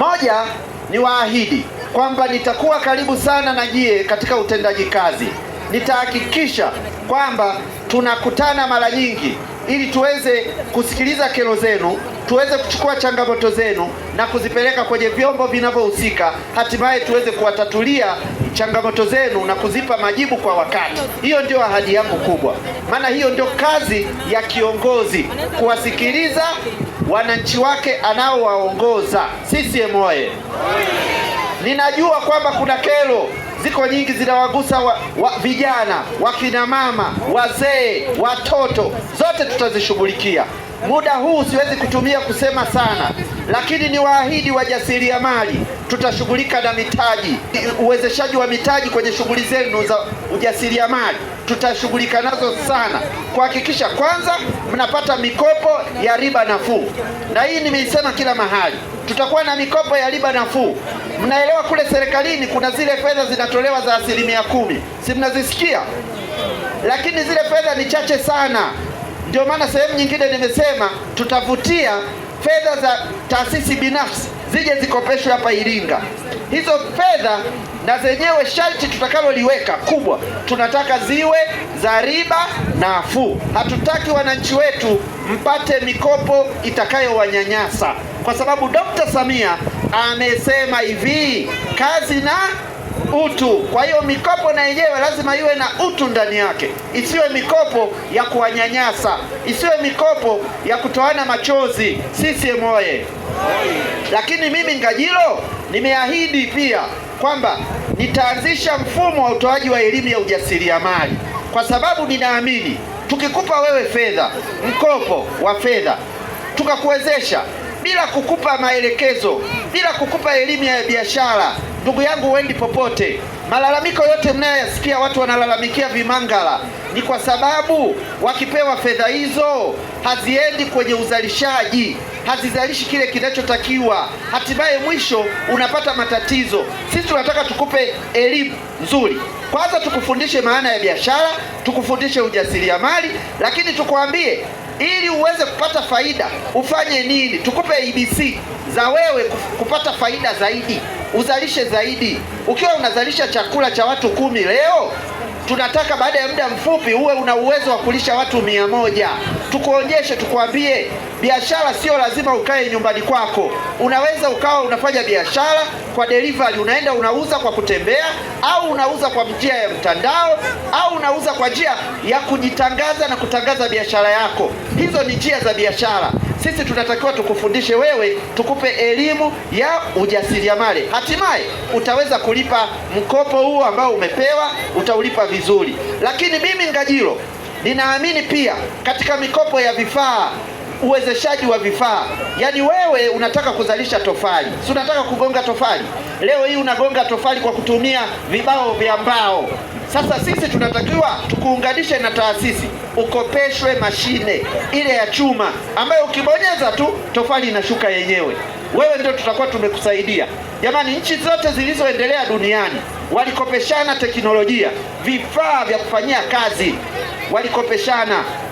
Moja ni waahidi kwamba nitakuwa karibu sana na jie katika utendaji kazi. Nitahakikisha kwamba tunakutana mara nyingi ili tuweze kusikiliza kero zenu, tuweze kuchukua changamoto zenu na kuzipeleka kwenye vyombo vinavyohusika, hatimaye tuweze kuwatatulia changamoto zenu na kuzipa majibu kwa wakati. Hiyo ndio ahadi yangu kubwa, maana hiyo ndio kazi ya kiongozi, kuwasikiliza wananchi wake anaowaongoza. CCM oye! Ninajua kwamba kuna kero ziko nyingi zinawagusa wa, wa, vijana, wakina mama, wazee, watoto, zote tutazishughulikia. Muda huu siwezi kutumia kusema sana, lakini niwaahidi wajasiriamali tutashughulika na mitaji, uwezeshaji wa mitaji kwenye shughuli zenu za ujasiriamali, tutashughulika nazo sana kuhakikisha kwanza mnapata mikopo ya riba nafuu, na hii nimeisema kila mahali, tutakuwa na mikopo ya riba nafuu. Mnaelewa kule serikalini kuna zile fedha zinatolewa za asilimia kumi, si mnazisikia? Lakini zile fedha ni chache sana. Ndio maana sehemu nyingine nimesema tutavutia fedha za taasisi binafsi zije zikopeshwe hapa Iringa. Hizo fedha na zenyewe sharti tutakaloliweka kubwa, tunataka ziwe za riba nafuu. Hatutaki wananchi wetu mpate mikopo itakayowanyanyasa, kwa sababu Dr. Samia amesema hivi, kazi na utu. Kwa hiyo mikopo na yenyewe lazima iwe na utu ndani yake, isiwe mikopo ya kuwanyanyasa, isiwe mikopo ya kutoana machozi. CCM oye! Lakini mimi Ngajilo nimeahidi pia kwamba nitaanzisha mfumo wa utoaji wa elimu ya ujasiriamali, kwa sababu ninaamini tukikupa wewe fedha, mkopo wa fedha, tukakuwezesha bila kukupa maelekezo, bila kukupa elimu ya biashara Ndugu yangu, wendi popote. Malalamiko yote mnayoyasikia watu wanalalamikia Vimangala ni kwa sababu wakipewa fedha hizo haziendi kwenye uzalishaji, hazizalishi kile kinachotakiwa, hatimaye mwisho unapata matatizo. Sisi tunataka tukupe elimu nzuri, kwanza tukufundishe maana ya biashara, tukufundishe ujasiriamali, lakini tukuambie ili uweze kupata faida ufanye nini, tukupe ABC za wewe kupata faida zaidi uzalishe zaidi. Ukiwa unazalisha chakula cha watu kumi leo, tunataka baada ya muda mfupi uwe una uwezo wa kulisha watu mia moja. Tukuonyeshe, tukuambie, biashara sio lazima ukae nyumbani kwako. Unaweza ukawa unafanya biashara kwa delivery, unaenda unauza kwa kutembea, au unauza kwa njia ya mtandao, au unauza kwa njia ya kujitangaza na kutangaza biashara yako. Hizo ni njia za biashara sisi tunatakiwa tukufundishe wewe, tukupe elimu ya ujasiriamali. Hatimaye utaweza kulipa mkopo huo ambao umepewa, utaulipa vizuri. Lakini mimi Ngajilo ninaamini pia katika mikopo ya vifaa uwezeshaji wa vifaa. Yaani wewe unataka kuzalisha tofali, si unataka kugonga tofali? Leo hii unagonga tofali kwa kutumia vibao vya mbao. Sasa sisi tunatakiwa tukuunganishe na taasisi, ukopeshwe mashine ile ya chuma ambayo ukibonyeza tu tofali inashuka yenyewe. Wewe ndio tutakuwa tumekusaidia. Jamani, nchi zote zilizoendelea duniani walikopeshana teknolojia, vifaa vya kufanyia kazi, walikopeshana